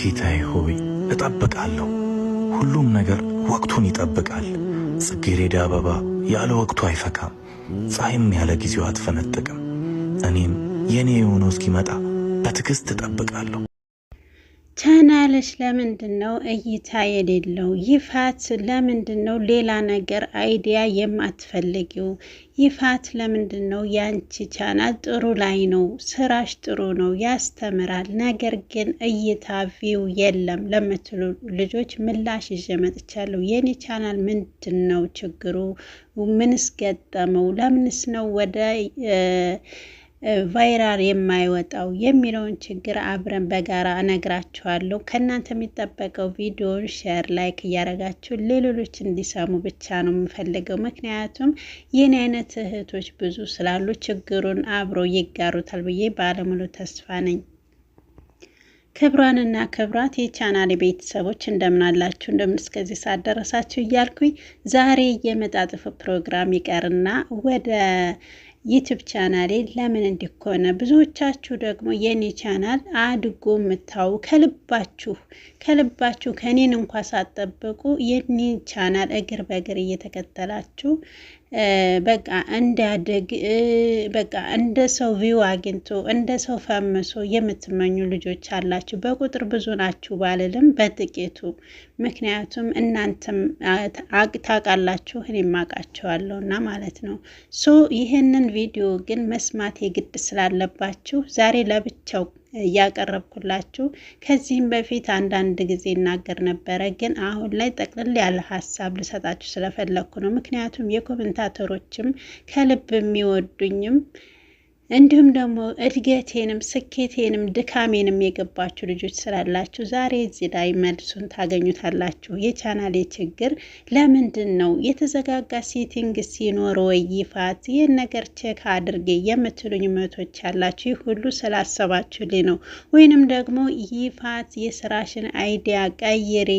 ጌታዬ ሆይ እጠብቃለሁ። ሁሉም ነገር ወቅቱን ይጠብቃል። ጽጌሬዳ አበባ ያለ ወቅቱ አይፈካም፣ ፀሐይም ያለ ጊዜው አትፈነጥቅም። እኔም የኔ የሆነው እስኪመጣ በትዕግሥት እጠብቃለሁ። ተናለሽ ለምንድን ነው እይታ የሌለው ይፋት? ለምንድን ነው ሌላ ነገር አይዲያ የማትፈልጊው ይፋት? ለምንድን ነው ያንቺ ቻናል ጥሩ ላይ ነው፣ ስራሽ ጥሩ ነው፣ ያስተምራል። ነገር ግን እይታ ቪው የለም ለምትሉ ልጆች ምላሽ ይዤ መጥቻለሁ። የኔ ቻናል ምንድን ነው ችግሩ? ምንስ ገጠመው? ለምንስ ነው ወደ ቫይራል የማይወጣው የሚለውን ችግር አብረን በጋራ እነግራችኋለሁ። ከእናንተ የሚጠበቀው ቪዲዮን ሼር፣ ላይክ እያደረጋችሁ ሌሎች እንዲሰሙ ብቻ ነው የምፈልገው። ምክንያቱም ይህን አይነት እህቶች ብዙ ስላሉ ችግሩን አብሮ ይጋሩታል ብዬ ባለሙሉ ተስፋ ነኝ። ክብሯንና ክብራት የቻናል ቤተሰቦች እንደምናላችሁ እንደምን እስከዚህ ሰዓት ደረሳችሁ እያልኩኝ ዛሬ የመጣጥፍ ፕሮግራም ይቀርና ወደ ዩቲብ ቻናሌ ለምን እንዲኮነ ብዙዎቻችሁ ደግሞ የኔ ቻናል አድጎ የምታው ከልባችሁ ከልባችሁ ከኔን እንኳ ሳትጠብቁ የኔ ቻናል እግር በእግር እየተከተላችሁ በቃ እንዲያድግ በቃ እንደ ሰው ቪው አግኝቶ እንደ ሰው ፈምሶ የምትመኙ ልጆች አላችሁ። በቁጥር ብዙ ናችሁ ባልልም በጥቂቱ ምክንያቱም እናንተም ታውቃላችሁ እኔም አውቃቸዋለሁ እና ማለት ነው። ሶ ይህንን ቪዲዮ ግን መስማት የግድ ስላለባችሁ ዛሬ ለብቻው እያቀረብኩላችሁ ከዚህም በፊት አንዳንድ ጊዜ እናገር ነበረ፣ ግን አሁን ላይ ጠቅልል ያለ ሀሳብ ልሰጣችሁ ስለፈለግኩ ነው። ምክንያቱም የኮመንታተሮችም ከልብ የሚወዱኝም እንዲሁም ደግሞ እድገቴንም ስኬቴንም ድካሜንም የገባችሁ ልጆች ስላላችሁ ዛሬ እዚህ ላይ መልሱን ታገኙታላችሁ። የቻናሌ ችግር ለምንድን ነው የተዘጋጋ ሴቲንግ ሲኖር ወይ ይፋት ይህን ነገር ቼክ አድርጌ የምትሉኝ መቶች ያላችሁ ይህ ሁሉ ስላሰባችሁልኝ ነው። ወይንም ደግሞ ይፋት የስራሽን አይዲያ ቀይሬ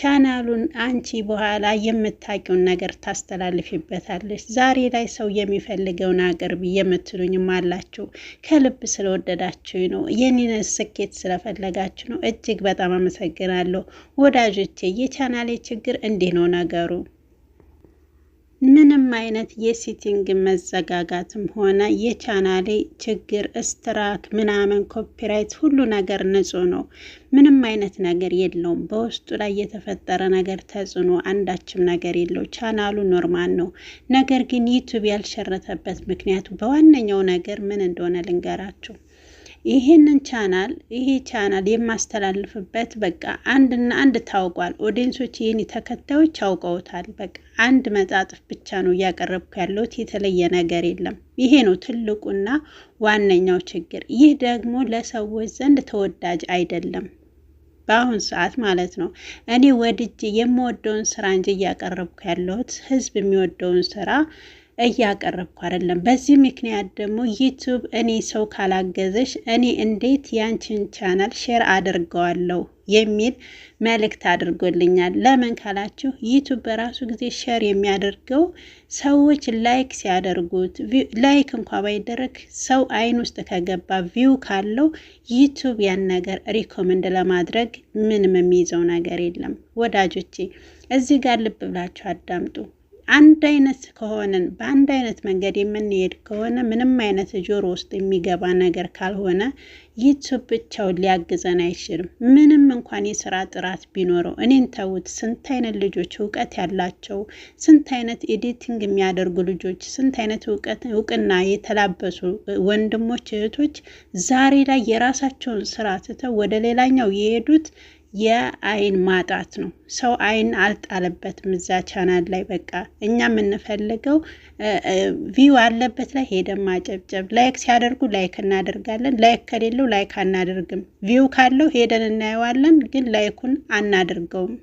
ቻናሉን አንቺ በኋላ የምታውቂውን ነገር ታስተላልፊበታለች። ዛሬ ላይ ሰው የሚፈልገውን አቅርቢ የምትሉኝ ትሆናላችሁ። ከልብ ስለወደዳችሁ ነው፣ የኔን ስኬት ስለፈለጋችሁ ነው። እጅግ በጣም አመሰግናለሁ ወዳጆቼ። የቻናሌ ችግር እንዲህ ነው ነገሩ። ምንም አይነት የሲቲንግ መዘጋጋትም ሆነ የቻናሌ ችግር ስትራክ ምናምን ኮፒራይት ሁሉ ነገር ንጹህ ነው። ምንም አይነት ነገር የለውም። በውስጡ ላይ የተፈጠረ ነገር ተጽዕኖ አንዳችም ነገር የለው። ቻናሉ ኖርማል ነው። ነገር ግን ዩቱብ ያልሸረተበት ምክንያቱ በዋነኛው ነገር ምን እንደሆነ ልንገራችሁ። ይሄንን ቻናል ይሄ ቻናል የማስተላልፍበት በቃ አንድና አንድ ታውቋል። ኦዲንሶች ይህን ተከታዮች አውቀውታል። በቃ አንድ መጣጥፍ ብቻ ነው እያቀረብኩ ያለሁት፣ የተለየ ነገር የለም። ይሄ ነው ትልቁና ዋነኛው ችግር። ይህ ደግሞ ለሰዎች ዘንድ ተወዳጅ አይደለም፣ በአሁን ሰዓት ማለት ነው። እኔ ወድጄ የምወደውን ስራ እንጂ እያቀረብኩ ያለሁት ህዝብ የሚወደውን ስራ እያቀረብኩ አይደለም። በዚህ ምክንያት ደግሞ ዩቱብ እኔ ሰው ካላገዘሽ እኔ እንዴት ያንቺን ቻናል ሼር አድርገዋለሁ የሚል መልእክት አድርጎልኛል። ለምን ካላችሁ ዩቱብ በራሱ ጊዜ ሼር የሚያደርገው ሰዎች ላይክ ሲያደርጉት፣ ላይክ እንኳ ባይደረግ ሰው አይን ውስጥ ከገባ ቪው ካለው ዩቱብ ያን ነገር ሪኮመንድ ለማድረግ ምንም የሚይዘው ነገር የለም። ወዳጆቼ እዚህ ጋር ልብ ብላችሁ አዳምጡ። አንድ አይነት ከሆነን በአንድ አይነት መንገድ የምንሄድ ከሆነ ምንም አይነት ጆሮ ውስጥ የሚገባ ነገር ካልሆነ ዩቱብ ብቻውን ሊያግዘን አይችልም። ምንም እንኳን የስራ ጥራት ቢኖረው እኔን ተውት። ስንት አይነት ልጆች እውቀት ያላቸው፣ ስንት አይነት ኤዲቲንግ የሚያደርጉ ልጆች፣ ስንት አይነት እውቅና የተላበሱ ወንድሞች እህቶች ዛሬ ላይ የራሳቸውን ስራ ትተው ወደ ሌላኛው የሄዱት የአይን ማጣት ነው። ሰው አይን አልጣለበትም እዛ ቻናል ላይ በቃ እኛ የምንፈልገው ቪው አለበት ላይ ሄደን ማጨብጨብ። ላይክ ሲያደርጉ ላይክ እናደርጋለን። ላይክ ከሌለው ላይክ አናደርግም። ቪው ካለው ሄደን እናየዋለን፣ ግን ላይኩን አናደርገውም።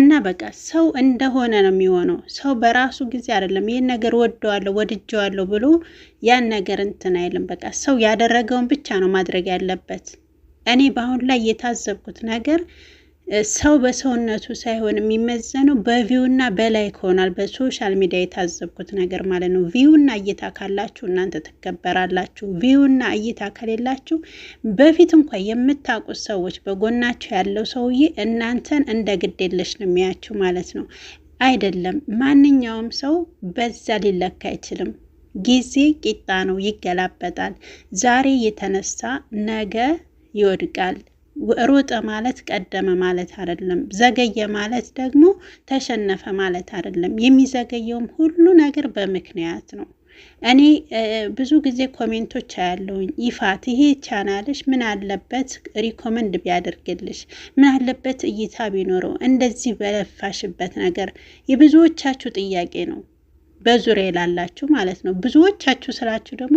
እና በቃ ሰው እንደሆነ ነው የሚሆነው። ሰው በራሱ ጊዜ አይደለም ይህን ነገር ወደዋለሁ ወድጀዋለሁ ብሎ ያን ነገር እንትን አይልም። በቃ ሰው ያደረገውን ብቻ ነው ማድረግ ያለበት። እኔ በአሁን ላይ የታዘብኩት ነገር ሰው በሰውነቱ ሳይሆን የሚመዘነው በቪውና በላይክ ሆናል። በሶሻል ሚዲያ የታዘብኩት ነገር ማለት ነው። ቪውና እይታ ካላችሁ እናንተ ትከበራላችሁ። ቪውና እይታ ከሌላችሁ በፊት እንኳ የምታውቁት ሰዎች በጎናችሁ ያለው ሰውዬ እናንተን እንደ ግዴለሽ ነው የሚያችሁ ማለት ነው። አይደለም ማንኛውም ሰው በዛ ሊለካ አይችልም። ጊዜ ቂጣ ነው፣ ይገላበጣል። ዛሬ የተነሳ ነገ ይወድቃል። ሮጠ ማለት ቀደመ ማለት አይደለም። ዘገየ ማለት ደግሞ ተሸነፈ ማለት አይደለም። የሚዘገየውም ሁሉ ነገር በምክንያት ነው። እኔ ብዙ ጊዜ ኮሜንቶች አያለውኝ። ይፋት ይሄ ቻናልሽ ምን አለበት ሪኮመንድ ቢያደርግልሽ፣ ምን አለበት እይታ ቢኖረው እንደዚህ በለፋሽበት ነገር የብዙዎቻችሁ ጥያቄ ነው። በዙሪያ ላላችሁ ማለት ነው። ብዙዎቻችሁ ስራችሁ ደግሞ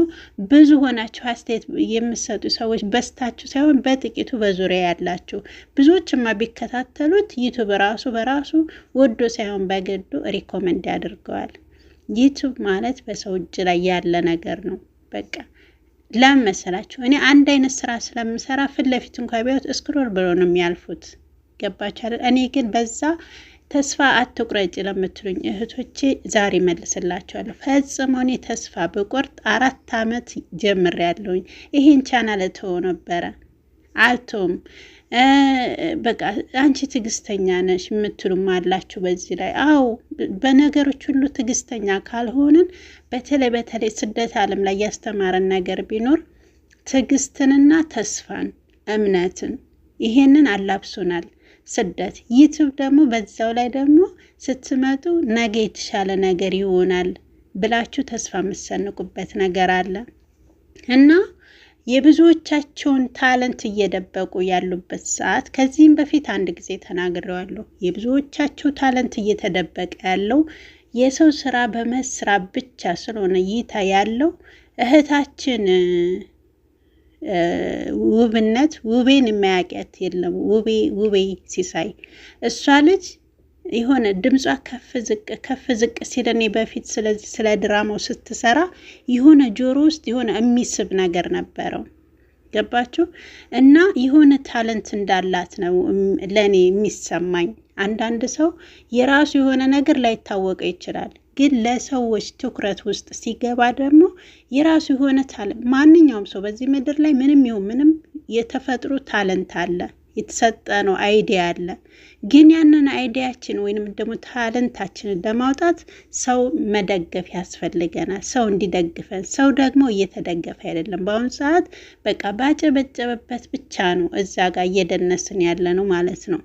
ብዙ ሆናችሁ አስተያየት የምሰጡ ሰዎች በስታችሁ ሳይሆን በጥቂቱ በዙሪያ ያላችሁ ብዙዎችማ ቢከታተሉት ዩቱብ ራሱ በራሱ ወዶ ሳይሆን በግዱ ሪኮመንድ ያደርገዋል። ዩቱብ ማለት በሰው እጅ ላይ ያለ ነገር ነው። በቃ ለምን መሰላችሁ? እኔ አንድ አይነት ስራ ስለምሰራ ፊት ለፊት እንኳ ቢያዩት እስክሮል ብሎ ነው የሚያልፉት። ገባችኋል? እኔ ግን በዛ ተስፋ አትቁረጭ ለምትሉኝ እህቶቼ ዛሬ መልስላችኋለሁ። ፈጽሞ እኔ ተስፋ ብቆርጥ አራት ጀምር ያለውኝ ይህን ቻናል እተወው ነበረ አልቶም በቃ አንቺ ትዕግስተኛ ነሽ የምትሉም አላችሁ። በዚህ ላይ አዎ፣ በነገሮች ሁሉ ትዕግስተኛ ካልሆንን በተለይ በተለይ ስደት ዓለም ላይ ያስተማረን ነገር ቢኖር ትዕግስትንና ተስፋን እምነትን ይሄንን አላብሶናል። ስደት። ዩቱብ ደግሞ በዛው ላይ ደግሞ ስትመጡ ነገ የተሻለ ነገር ይሆናል ብላችሁ ተስፋ የምትሰንቁበት ነገር አለ እና የብዙዎቻቸውን ታለንት እየደበቁ ያሉበት ሰዓት። ከዚህም በፊት አንድ ጊዜ ተናግሬዋለሁ። የብዙዎቻቸው ታለንት እየተደበቀ ያለው የሰው ስራ በመስራት ብቻ ስለሆነ ይታ ያለው እህታችን ውብነት ውቤን የማያውቂያት የለም። ውቤ ውቤ ሲሳይ እሷ ልጅ የሆነ ድምጿ ከፍ ዝቅ ከፍ ዝቅ ሲል እኔ በፊት ስለዚህ ስለ ድራማው ስትሰራ የሆነ ጆሮ ውስጥ የሆነ የሚስብ ነገር ነበረው። ገባችሁ? እና የሆነ ታለንት እንዳላት ነው ለእኔ የሚሰማኝ። አንዳንድ ሰው የራሱ የሆነ ነገር ላይታወቀ ይችላል። ግን ለሰዎች ትኩረት ውስጥ ሲገባ ደግሞ የራሱ የሆነ ታለንት ማንኛውም ሰው በዚህ ምድር ላይ ምንም ይሁን ምንም የተፈጥሮ ታለንት አለ፣ የተሰጠነው አይዲያ አለ። ግን ያንን አይዲያችን ወይንም ደግሞ ታለንታችንን ለማውጣት ሰው መደገፍ ያስፈልገናል። ሰው እንዲደግፈን፣ ሰው ደግሞ እየተደገፈ አይደለም። በአሁኑ ሰዓት በቃ ባጨበጨበበት ብቻ ነው እዛ ጋር እየደነስን ያለ ነው ማለት ነው።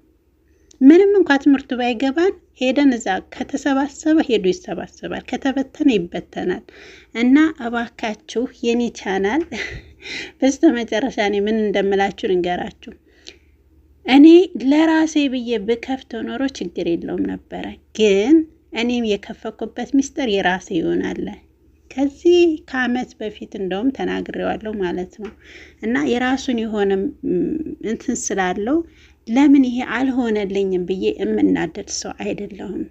ምንም እንኳ ትምህርቱ ባይገባን ሄደን እዛ ከተሰባሰበ ሄዶ ይሰባሰባል፣ ከተበተነ ይበተናል። እና እባካችሁ የኔ ቻናል በስተ መጨረሻ እኔ ምን እንደምላችሁ ልንገራችሁ። እኔ ለራሴ ብዬ ብከፍት ኖሮ ችግር የለውም ነበረ። ግን እኔም የከፈኩበት ሚስጥር የራሴ ይሆናለ ከዚህ ከአመት በፊት እንደውም ተናግሬዋለሁ ማለት ነው እና የራሱን የሆነ እንትን ስላለው ለምን ይሄ አልሆነልኝም ብዬ የምናደድ ሰው አይደለሁም።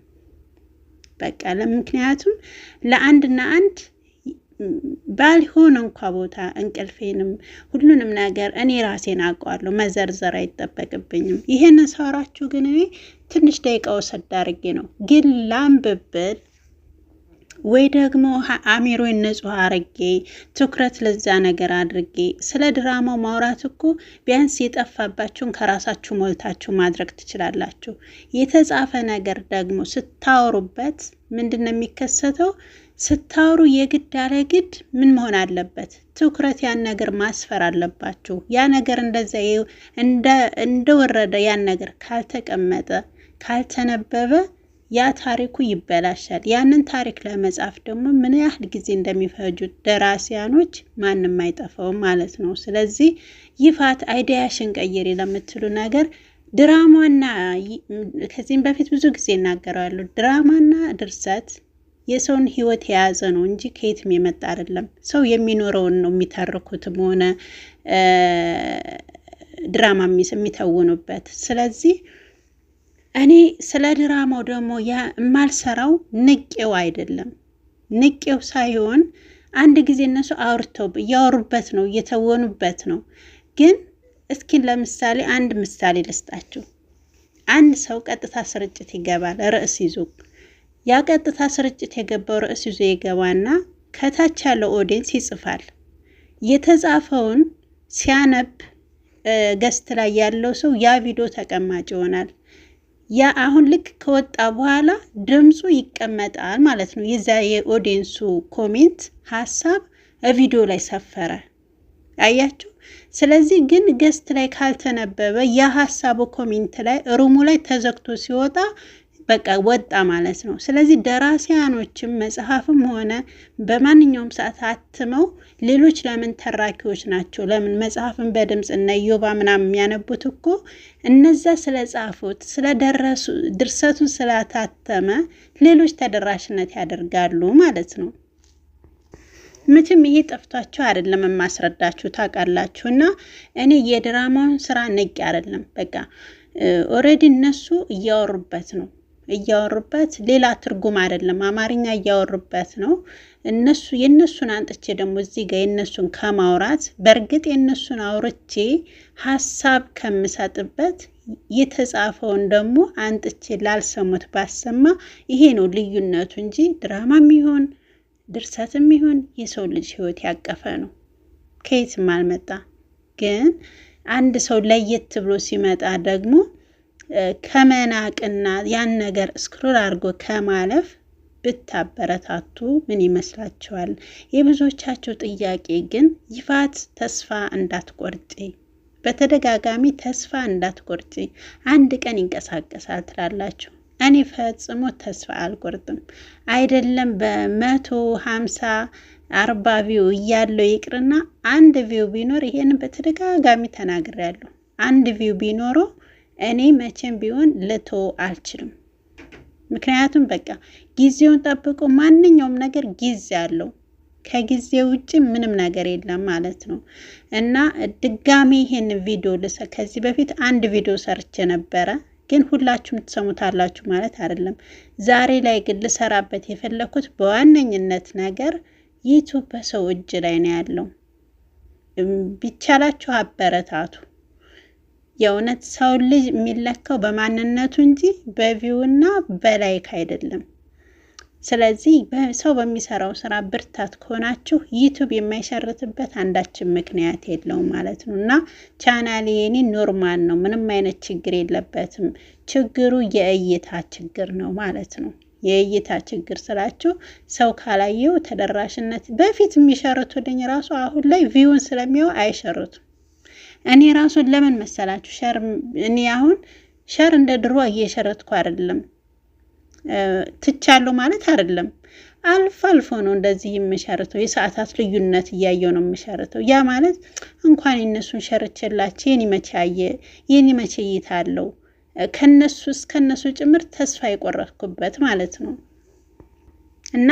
በቃ ለምክንያቱም ለአንድና አንድ ባልሆነ እንኳ ቦታ እንቅልፌንም ሁሉንም ነገር እኔ ራሴን አውቀዋለሁ። መዘርዘር አይጠበቅብኝም። ይሄንን ሳወራችሁ ግን እኔ ትንሽ ደቂቃ ወሰድ አድርጌ ነው ግን ላንብብል ወይ ደግሞ አሚሮ ንጹህ አርጌ ትኩረት ለዛ ነገር አድርጌ ስለ ድራማው ማውራት እኮ ቢያንስ የጠፋባችሁን ከራሳችሁ ሞልታችሁ ማድረግ ትችላላችሁ። የተጻፈ ነገር ደግሞ ስታወሩበት ምንድን ነው የሚከሰተው? ስታወሩ የግድ ያለ ግድ ምን መሆን አለበት? ትኩረት ያን ነገር ማስፈር አለባችሁ። ያ ነገር እንደዛ እንደወረደ ያን ነገር ካልተቀመጠ ካልተነበበ ያ ታሪኩ ይበላሻል። ያንን ታሪክ ለመጻፍ ደግሞ ምን ያህል ጊዜ እንደሚፈጁት ደራሲያኖች ማንም አይጠፋውም ማለት ነው። ስለዚህ ይፋት አይዲያሽን ቀይሪ ለምትሉ ነገር ድራማና ከዚህም በፊት ብዙ ጊዜ ይናገራሉ። ድራማና ድርሰት የሰውን ህይወት የያዘ ነው እንጂ ከየትም የመጣ አይደለም። ሰው የሚኖረውን ነው የሚተርኩትም ሆነ ድራማ የሚተውኑበት። ስለዚህ እኔ ስለ ድራማው ደግሞ የማልሰራው ንቄው አይደለም፣ ንቄው ሳይሆን አንድ ጊዜ እነሱ አውርተው እያወሩበት ነው እየተወኑበት ነው። ግን እስኪ ለምሳሌ አንድ ምሳሌ ልስጣችሁ። አንድ ሰው ቀጥታ ስርጭት ይገባል ርዕስ ይዞ። ያ ቀጥታ ስርጭት የገባው ርዕስ ይዞ ይገባና ከታች ያለው ኦዲየንስ ይጽፋል። የተጻፈውን ሲያነብ ገስት ላይ ያለው ሰው ያ ቪዲዮ ተቀማጭ ይሆናል። ያ አሁን ልክ ከወጣ በኋላ ድምፁ ይቀመጣል ማለት ነው። የዛ የኦዲየንሱ ኮሜንት ሀሳብ ቪዲዮ ላይ ሰፈረ። አያችሁ። ስለዚህ ግን ገስት ላይ ካልተነበበ የሀሳቡ ኮሜንት ላይ ሩሙ ላይ ተዘግቶ ሲወጣ በቃ ወጣ ማለት ነው። ስለዚህ ደራሲያኖችም መጽሐፍም ሆነ በማንኛውም ሰዓት አትመው ሌሎች ለምን ተራኪዎች ናቸው? ለምን መጽሐፍን በድምፅ እና ዮባ ምናምን የሚያነቡት እኮ እነዛ ስለጻፉት ስለደረሱ ድርሰቱን ስላታተመ ሌሎች ተደራሽነት ያደርጋሉ ማለት ነው። ምችም ይሄ ጠፍቷቸው አይደለም የማስረዳችሁ ታውቃላችሁ። እና እኔ የድራማውን ስራ ንቄ አይደለም በቃ ኦልሬዲ እነሱ እያወሩበት ነው። እያወሩበት ሌላ ትርጉም አይደለም፣ አማርኛ እያወሩበት ነው። እነሱ የእነሱን አንጥቼ ደግሞ እዚህ ጋር የእነሱን ከማውራት በእርግጥ የእነሱን አውርቼ ሀሳብ ከምሰጥበት የተጻፈውን ደግሞ አንጥቼ ላልሰሙት ባሰማ፣ ይሄ ነው ልዩነቱ እንጂ ድራማም ይሆን ድርሰትም ይሆን የሰው ልጅ ህይወት ያቀፈ ነው፣ ከየትም አልመጣ። ግን አንድ ሰው ለየት ብሎ ሲመጣ ደግሞ ከመናቅና ያን ነገር እስክሮል አድርጎ ከማለፍ ብታበረታቱ ምን ይመስላችኋል? የብዙዎቻቸው ጥያቄ ግን ይፋት ተስፋ እንዳትቆርጪ በተደጋጋሚ ተስፋ እንዳትቆርጪ አንድ ቀን ይንቀሳቀሳል ትላላችሁ። እኔ ፈጽሞ ተስፋ አልቆርጥም። አይደለም በመቶ ሀምሳ አርባ ቪው እያለው ይቅርና አንድ ቪው ቢኖር ይሄንን በተደጋጋሚ ተናግሬያለሁ። አንድ ቪው ቢኖረው እኔ መቼም ቢሆን ልቶ አልችልም። ምክንያቱም በቃ ጊዜውን ጠብቆ ማንኛውም ነገር ጊዜ አለው። ከጊዜ ውጭ ምንም ነገር የለም ማለት ነው። እና ድጋሚ ይሄን ቪዲዮ ከዚህ በፊት አንድ ቪዲዮ ሰርቼ ነበረ፣ ግን ሁላችሁም ትሰሙታላችሁ ማለት አይደለም። ዛሬ ላይ ግን ልሰራበት የፈለኩት በዋነኝነት ነገር ዩቱብ በሰው እጅ ላይ ነው ያለው። ቢቻላችሁ አበረታቱ። የእውነት ሰው ልጅ የሚለካው በማንነቱ እንጂ በቪውና በላይክ አይደለም። ስለዚህ ሰው በሚሰራው ስራ ብርታት ከሆናችሁ ዩቱብ የማይሸርትበት አንዳችን ምክንያት የለውም ማለት ነው። እና ቻናል የኔ ኖርማል ነው፣ ምንም አይነት ችግር የለበትም። ችግሩ የእይታ ችግር ነው ማለት ነው። የእይታ ችግር ስላችሁ ሰው ካላየው ተደራሽነት በፊት የሚሸርቱልኝ ራሱ አሁን ላይ ቪውን ስለሚያው አይሸርቱም። እኔ ራሱን ለምን መሰላችሁ ሸር እኔ አሁን ሸር እንደ ድሮ እየሸረትኩ አይደለም፣ ትቻለሁ ማለት አይደለም። አልፎ አልፎ ነው እንደዚህ የምሸርተው። የሰዓታት ልዩነት እያየው ነው የምሸርተው። ያ ማለት እንኳን የነሱን ሸርችላቸው የኔ መቼ አየ የኔ መቼ እይታ አለው ከነሱ እስከነሱ ጭምር ተስፋ የቆረጥኩበት ማለት ነው። እና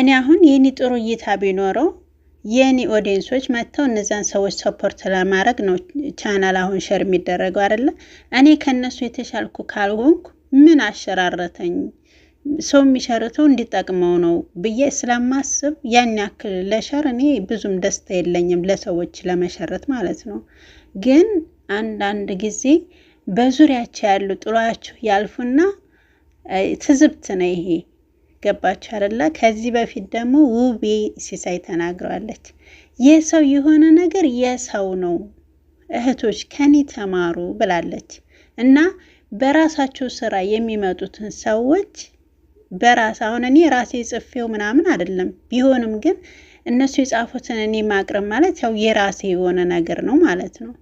እኔ አሁን የኔ ጥሩ እይታ ቢኖረው የኔ ኦዲየንሶች መጥተው እነዛን ሰዎች ሰፖርት ለማድረግ ነው ቻናል አሁን ሸር የሚደረገው አይደለ? እኔ ከእነሱ የተሻልኩ ካልሆንኩ ምን አሸራረተኝ? ሰው የሚሸርተው እንዲጠቅመው ነው ብዬ ስለማስብ ያን ያክል ለሸር እኔ ብዙም ደስታ የለኝም፣ ለሰዎች ለመሸረት ማለት ነው። ግን አንዳንድ ጊዜ በዙሪያቸው ያሉ ጥሏችሁ ያልፉና ትዝብት ነው ይሄ ገባች አይደለ? ከዚህ በፊት ደግሞ ውቤ ሲሳይ ተናግረዋለች። የሰው የሆነ ነገር የሰው ነው፣ እህቶች ከኔ ተማሩ ብላለች። እና በራሳቸው ስራ የሚመጡትን ሰዎች በራስ አሁን እኔ ራሴ ጽፌው ምናምን አይደለም ቢሆንም ግን እነሱ የጻፉትን እኔ ማቅረብ ማለት ያው የራሴ የሆነ ነገር ነው ማለት ነው።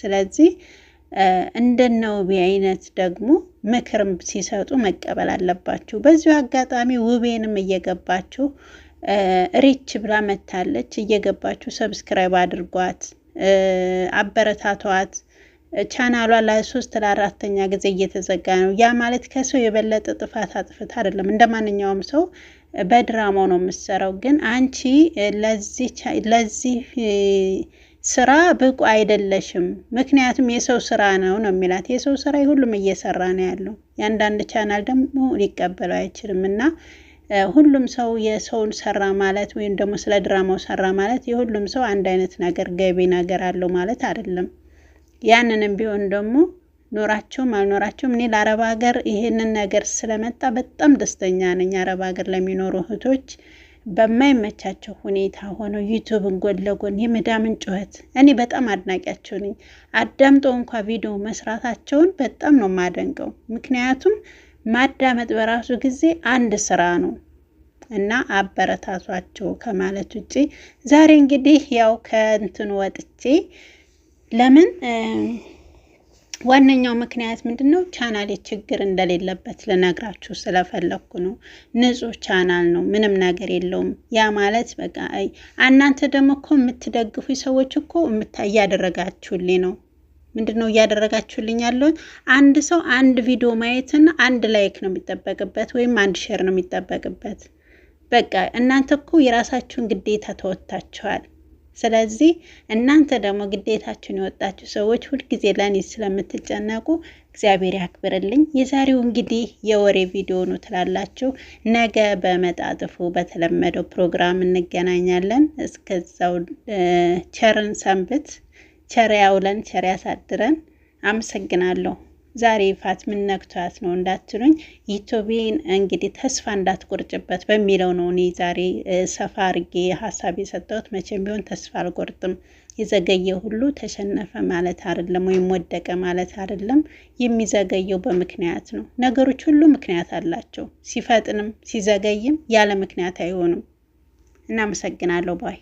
ስለዚህ እንደነ ውቤ አይነት ደግሞ ምክርም ሲሰጡ መቀበል አለባችሁ። በዚሁ አጋጣሚ ውቤንም እየገባችሁ ሪች ብላ መታለች፣ እየገባችሁ ሰብስክራይብ አድርጓት፣ አበረታቷት። ቻናሏ ለሶስት ለአራተኛ ጊዜ እየተዘጋ ነው። ያ ማለት ከሰው የበለጠ ጥፋት አጥፍት አይደለም። እንደ ማንኛውም ሰው በድራማው ነው የምትሰራው። ግን አንቺ ለዚህ ስራ ብቁ አይደለሽም፣ ምክንያቱም የሰው ስራ ነው ነው የሚላት። የሰው ስራ ሁሉም እየሰራ ነው ያለው። የአንዳንድ ቻናል ደግሞ ሊቀበለው አይችልም እና ሁሉም ሰው የሰውን ሰራ ማለት ወይም ደግሞ ስለ ድራማው ሰራ ማለት የሁሉም ሰው አንድ አይነት ነገር ገቢ ነገር አለው ማለት አይደለም። ያንንም ቢሆን ደግሞ ኖራቸውም አልኖራቸውም እኔ ለአረብ ሀገር ይሄንን ነገር ስለመጣ በጣም ደስተኛ ነኝ። አረብ ሀገር ለሚኖሩ እህቶች በማይመቻቸው ሁኔታ ሆነው ዩቱብን ጎን ለጎን የመዳምን ጩኸት እኔ በጣም አድናቂያቸው ነኝ። አዳምጦ እንኳ ቪዲዮ መስራታቸውን በጣም ነው የማደንቀው። ምክንያቱም ማዳመጥ በራሱ ጊዜ አንድ ስራ ነው እና አበረታቷቸው ከማለት ውጭ ዛሬ እንግዲህ ያው ከእንትን ወጥቼ ለምን ዋነኛው ምክንያት ምንድን ነው? ቻናሌ ችግር እንደሌለበት ልነግራችሁ ስለፈለግኩ ነው። ንጹህ ቻናል ነው፣ ምንም ነገር የለውም። ያ ማለት በቃ እናንተ ደግሞ እኮ የምትደግፉ ሰዎች እኮ እያደረጋችሁልኝ ነው ምንድን ነው እያደረጋችሁልኝ ያለውን? አንድ ሰው አንድ ቪዲዮ ማየትና አንድ ላይክ ነው የሚጠበቅበት ወይም አንድ ሼር ነው የሚጠበቅበት። በቃ እናንተ እኮ የራሳችሁን ግዴታ ተወጥታችኋል። ስለዚህ እናንተ ደግሞ ግዴታችሁን የወጣችሁ ሰዎች ሁልጊዜ ለእኔ ስለምትጨነቁ እግዚአብሔር ያክብርልኝ። የዛሬው እንግዲህ የወሬ ቪዲዮ ነው ትላላችሁ። ነገ በመጣጥፉ በተለመደው ፕሮግራም እንገናኛለን። እስከዛው ቸርን ሰንብት፣ ቸር ያውለን፣ ቸር ያሳድረን። አመሰግናለሁ። ዛሬ ይፋት ምን ነክቷት ነው እንዳትሉኝ፣ ኢቶቤን እንግዲህ ተስፋ እንዳትቆርጭበት በሚለው ነው እኔ ዛሬ ሰፋ አርጌ ሀሳብ የሰጠሁት። መቼም ቢሆን ተስፋ አልቆርጥም። የዘገየ ሁሉ ተሸነፈ ማለት አይደለም፣ ወይም ወደቀ ማለት አይደለም። የሚዘገየው በምክንያት ነው። ነገሮች ሁሉ ምክንያት አላቸው። ሲፈጥንም ሲዘገይም ያለ ምክንያት አይሆንም። እናመሰግናለሁ ባይ